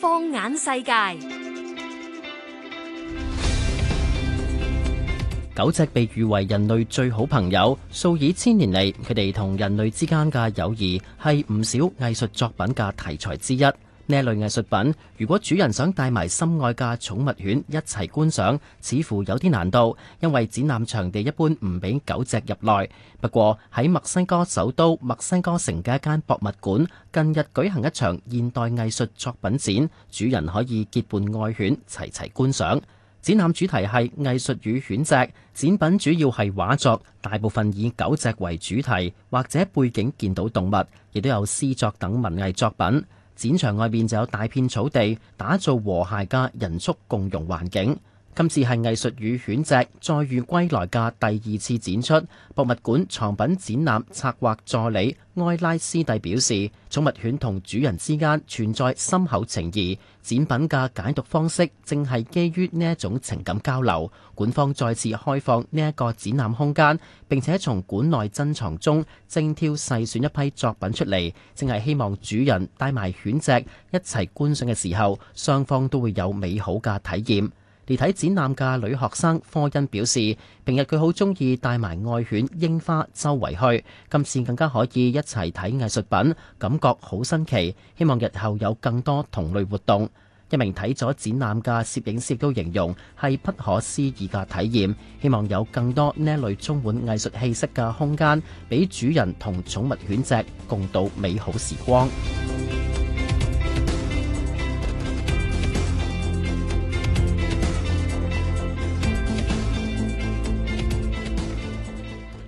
放眼世界，狗隻被譽為人類最好朋友。數以千年嚟，佢哋同人類之間嘅友誼係唔少藝術作品嘅題材之一。呢類藝術品，如果主人想帶埋心愛嘅寵物犬一齊觀賞，似乎有啲難度，因為展覽場地一般唔俾狗隻入內。不過喺墨西哥首都墨西哥城嘅一間博物館，近日舉行一場現代藝術作品展，主人可以結伴愛犬齊齊觀賞。展覽主題係藝術與犬隻，展品主要係畫作，大部分以狗隻為主題，或者背景見到動物，亦都有詩作等文藝作品。展場外面就有大片草地，打造和諧嘅人畜共融環境。今次係藝術與犬隻載譽歸來嘅第二次展出。博物館藏品展覽策劃助理埃拉斯蒂表示，寵物犬同主人之間存在深厚情誼，展品嘅解讀方式正係基於呢一種情感交流。館方再次開放呢一個展覽空間，並且從館內珍藏中精挑細選一批作品出嚟，正係希望主人帶埋犬隻一齊觀賞嘅時候，雙方都會有美好嘅體驗。嚟睇展覽嘅女學生科恩表示，平日佢好中意帶埋愛犬櫻花周圍去，今次更加可以一齊睇藝術品，感覺好新奇。希望日後有更多同類活動。一名睇咗展覽嘅攝影師都形容係不可思議嘅體驗，希望有更多呢類充滿藝術氣息嘅空間，俾主人同寵物犬隻共度美好時光。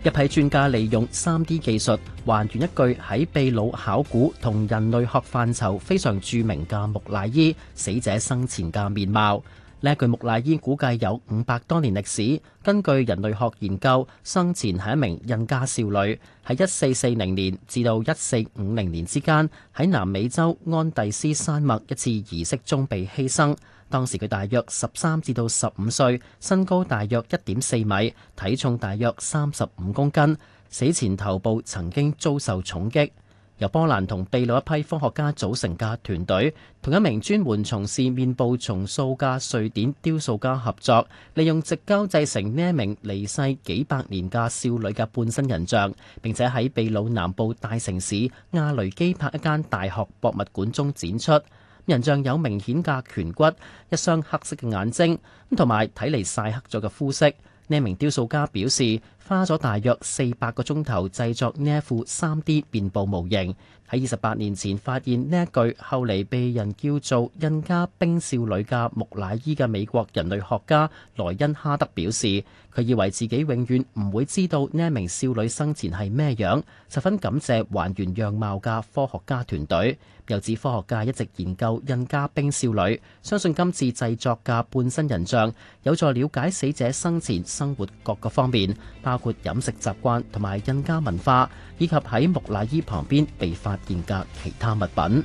一批專家利用 3D 技術還原一具喺秘魯考古同人類學範疇非常著名嘅木乃伊死者生前嘅面貌。呢具木乃伊估計有五百多年歷史，根據人類學研究，生前係一名印加少女，喺一四四零年至到一四五零年之間，喺南美洲安第斯山脈一次儀式中被犧牲。當時，佢大約十三至到十五歲，身高大約一點四米，體重大約三十五公斤。死前頭部曾經遭受重擊。由波蘭同秘魯一批科學家組成嘅團隊，同一名專門從事面部重塑嘅瑞典雕塑家合作，利用直交製成呢一名離世幾百年嘅少女嘅半身人像，並且喺秘魯南部大城市亞雷基帕一間大學博物館中展出。人像有明顯嘅顴骨、一雙黑色嘅眼睛，同埋睇嚟曬黑咗嘅膚色。呢名雕塑家表示。花咗大約四百個鐘頭製作呢一副三 D 面部模型，喺二十八年前發現呢一具後嚟被人叫做印加冰少女嘅木乃伊嘅美國人類學家萊恩哈德表示，佢以為自己永遠唔會知道呢一名少女生前係咩樣，十分感謝還原樣貌嘅科學家團隊。又指科學家一直研究印加冰少女，相信今次製作嘅半身人像有助了解死者生前生活各個方面。包括飲食習慣同埋印加文化，以及喺木乃伊旁邊被發現嘅其他物品。